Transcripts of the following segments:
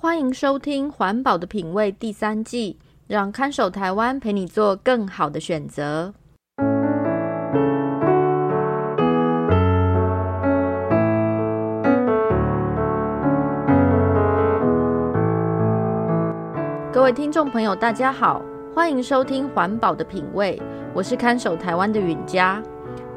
歡迎收聽《環保的品味》第三季，讓看守台灣陪你做更好的選擇。各位聽眾朋友，大家好，歡迎收聽《環保的品味》，我是看守台灣的允嘉。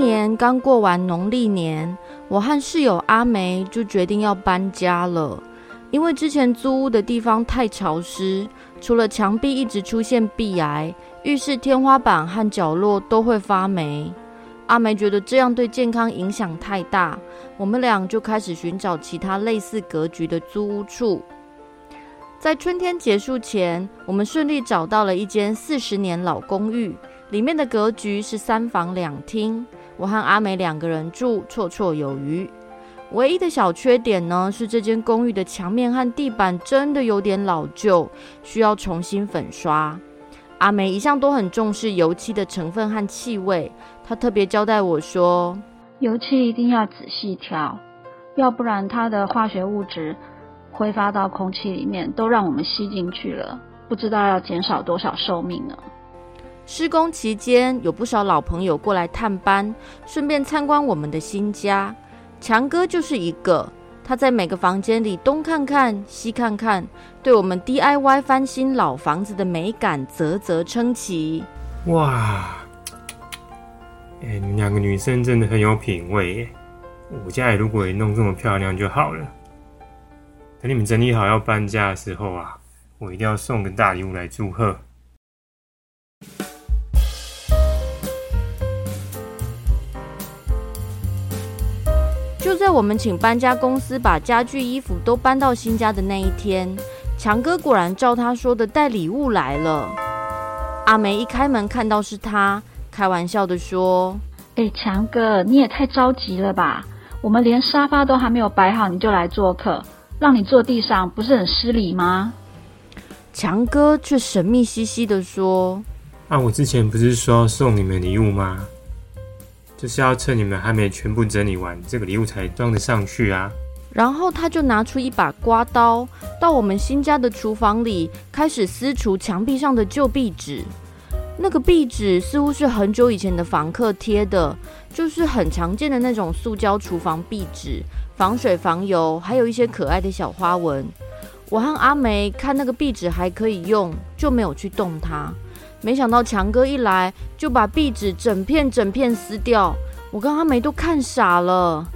今年剛過完農曆年，我和室友阿梅就決定要搬家了。因為之前租屋的地方太潮濕，除了牆壁一直出現壁癌，浴室天花板和角落都會發霉。阿梅覺得這樣對健康影響太大，我們倆就開始尋找其他類似格局的租屋處。在春天結束前，我們順利找到了一間四十年老公寓。裡面的格局是三房兩廳，我和阿梅兩個人住綽綽有餘。唯一的小缺點呢，是這間公寓的牆面和地板真的有點老舊，需要重新粉刷。阿梅一向都很重視油漆的成分和氣味，她特別交代我說，油漆一定要仔細挑，要不然它的化學物質揮發到空氣裡面，都讓我們吸進去了，不知道要減少多少壽命呢。施工期間，有不少老朋友過來探班，順便參觀我們的新家。強哥就是一個，他在每個房間裡東看看、西看看，對我們 DIY 翻新老房子的美感嘖嘖稱奇。哇，欸，你們兩個女生真的很有品味欸。我家裡如果也弄這麼漂亮就好了。等你們整理好要搬家的時候啊，我一定要送個大禮物來祝賀。就在我們請搬家公司把家具、衣服都搬到新家的那一天，強哥果然照他說的帶禮物來了。阿梅一開門看到是他，開玩笑的說：“誒，強哥，你也太着急了吧！我們連沙發都還沒有擺好，你就來做客，讓你坐地上不是很失禮嗎？”強哥卻神秘兮兮的說：“那、啊、我之前不是說送你們禮物嗎？”就是要趁你們還沒全部整理完，這個禮物才裝得上去啊。然後他就拿出一把刮刀，到我們新家的廚房裡開始撕除牆壁上的舊壁紙。那個壁紙似乎是很久以前的房客貼的，就是很常見的那種塑膠廚房壁紙，防水防油，還有一些可愛的小花紋。我和阿梅看那個壁紙還可以用，就沒有去動它。沒想到強哥一來就把壁紙整片整片撕掉，我跟阿梅都看傻了。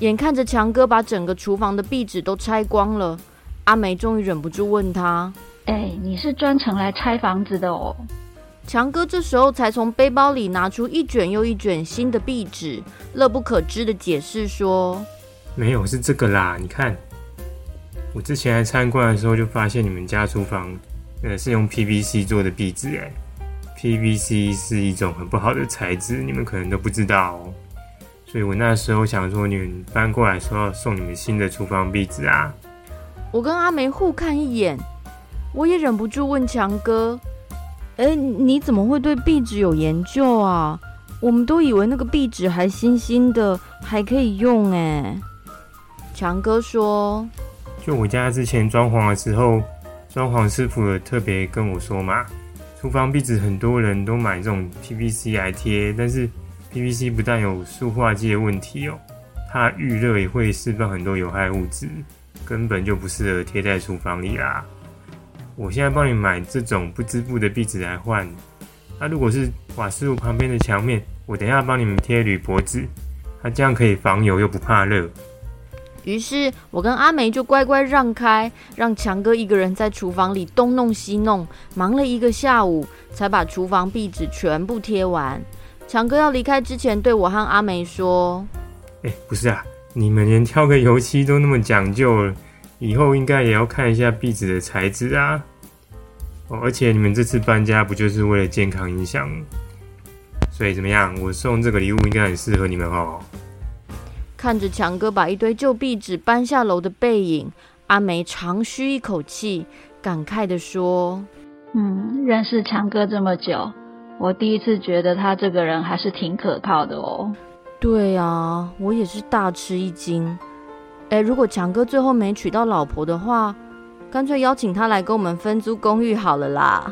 眼看着強哥把整個廚房的壁紙都拆光了，阿梅終於忍不住問他：“哎、欸，你是專程來拆房子的哦？”強哥這時候才從背包裡拿出一卷又一卷新的壁紙，樂不可支的解釋說：“沒有，是這個啦，你看，我之前來參觀的時候就發現你們家廚房。”呃，是用 PVC 做的壁紙哎，PVC 是一種很不好的材質，你們可能都不知道哦。所以我那時候想說，你們搬過來說要送你們新的廚房壁紙啊。我跟阿梅互看一眼，我也忍不住問強哥：“哎，你怎麼會對壁紙有研究啊？我們都以為那個壁紙還新新的，還可以用哎。”強哥說：“就我家之前裝潢的時候。”裝潢師傅有特別跟我說嘛，廚房壁紙很多人都買這種 PVC 來貼，但是 PVC 不但有塑化劑的問題哦，它遇熱也會釋放很多有害物質，根本就不適合貼在廚房裡啦。我現在幫你買這種不織布的壁紙來換，它、啊、如果是瓦斯爐旁邊的牆面，我等一下幫你們貼鋁箔紙，它、啊、這樣可以防油又不怕熱。於是，我跟阿梅就乖乖讓開，讓強哥一個人在廚房裡東弄西弄，忙了一個下午，才把廚房壁紙全部貼完。強哥要離開之前，對我和阿梅說：“欸，不是啊，你們連挑個油漆都那麼講究了，以後應該也要看一下壁紙的材質啊。哦，而且你們這次搬家不就是為了健康影響？所以怎麼樣？我送這個禮物應該很適合你們哦。”看着強哥把一堆舊壁紙搬下樓的背影，阿梅長吁一口氣，感慨地說：“嗯，認識強哥這麼久，我第一次覺得他這個人還是挺可靠的哦。”“對啊，我也是大吃一驚。”“誒，如果強哥最後沒娶到老婆的話，乾脆邀請他來跟我們分租公寓好了啦。”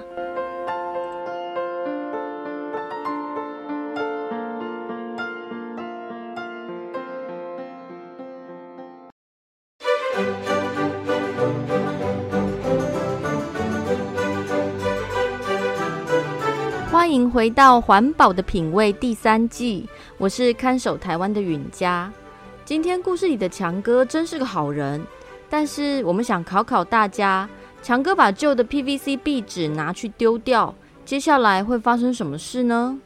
歡迎回到《環保的品味》第三季，我是看守台灣的允嘉。今天故事裡的強哥真是個好人，但是我們想考考大家：強哥把舊的 PVC 壁紙拿去丟掉，接下來會發生什麼事呢？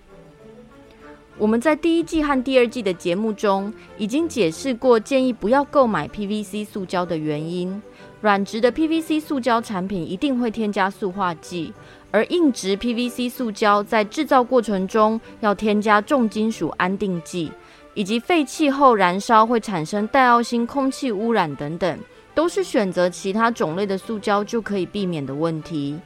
我們在第一季和第二季的節目中已經解釋過，建議不要購買 PVC 塑膠的原因。軟質的 PVC 塑膠產品一定會添加塑化劑，而硬質 PVC 塑膠在製造過程中要添加重金屬安定劑，以及廢棄後燃燒會產生戴奧辛空氣污染，等等，都是選擇其他種類的塑膠就可以避免的問題。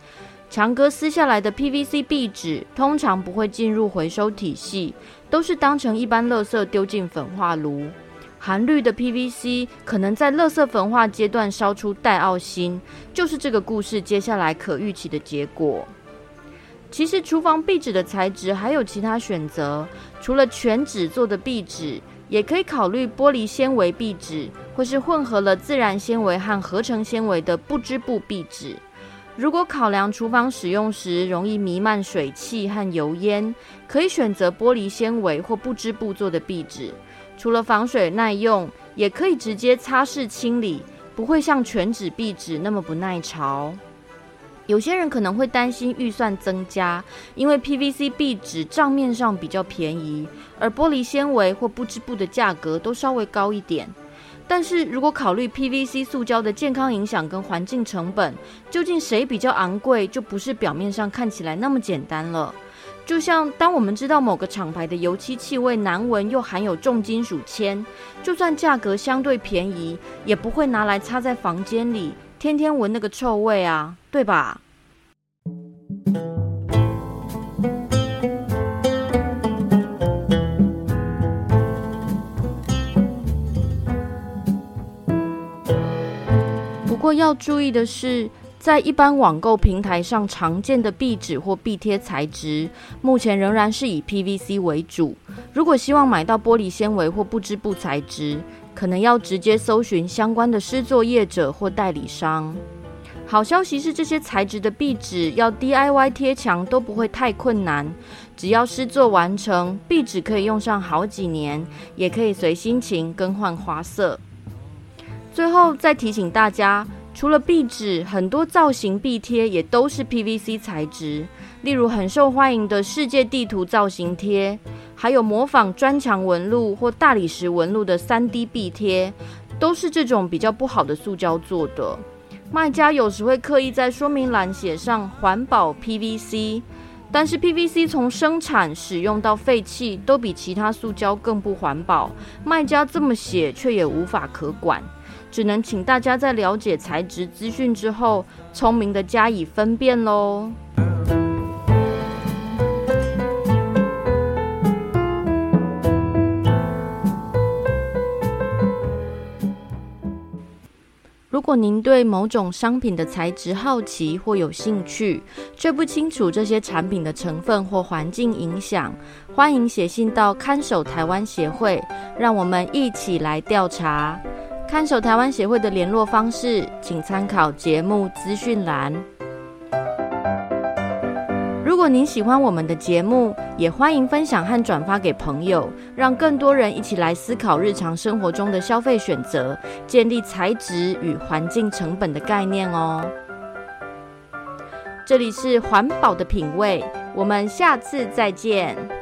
強哥撕下來的 PVC 壁紙通常不會進入回收體系，都是當成一般垃圾丟進焚化爐。含氯的 PVC 可能在垃圾焚化階段燒出戴奧辛，就是這個故事接下來可預期的結果。其實廚房壁紙的材質還有其他選擇，除了全紙做的壁紙，也可以考慮玻璃纖維壁紙，或是混合了自然纖維和合成纖維的不織布壁紙。如果考量廚房使用時容易彌漫水汽和油煙，可以選擇玻璃纖維或不織布做的壁紙。除了防水耐用，也可以直接擦拭清理，不會像全紙壁紙那麼不耐潮。有些人可能會擔心預算增加，因為 PVC 壁紙賬面上比較便宜，而玻璃纖維或不織布的價格都稍微高一點。但是如果考慮 PVC 塑膠的健康影響跟環境成本，究竟誰比較昂貴，就不是表面上看起來那麼簡單了。就像當我們知道某個廠牌的油漆氣味難聞，又含有重金屬鉛，就算價格相對便宜，也不會拿來擦在房間裡，天天聞那個臭味啊，對吧？不過要注意的是，在一般網購平台上常見的壁紙或壁貼材質，目前仍然是以 PVC 為主。如果希望買到玻璃纖維或不織布材質，可能要直接搜尋相關的施作業者或代理商。好消息是，這些材質的壁紙要 DIY 貼牆都不會太困難，只要施作完成，壁紙可以用上好幾年，也可以隨心情更換花色。最後再提醒大家。除了壁紙，很多造型壁貼也都是 PVC 材質，例如很受歡迎的世界地圖造型貼，還有模仿磚牆紋路或大理石紋路的 3D 壁貼，都是這種比較不好的塑膠做的。賣家有時會刻意在說明欄寫上“環保 PVC”，但是 PVC 從生產、使用到廢棄都比其他塑膠更不環保，賣家這麼寫卻也無法可管。只能請大家在了解材質資訊之後，聰明的加以分辨嘍。如果您對某種商品的材質好奇或有興趣，卻不清楚這些產品的成分或環境影響，歡迎寫信到看守台灣協會，讓我們一起來調查。看守台灣協會的聯絡方式，請參考節目資訊欄。如果您喜歡我們的節目，也歡迎分享和轉發給朋友，讓更多人一起來思考日常生活中的消費選擇，建立材質與環境成本的概念哦。這裡是環保的品味，我們下次再見。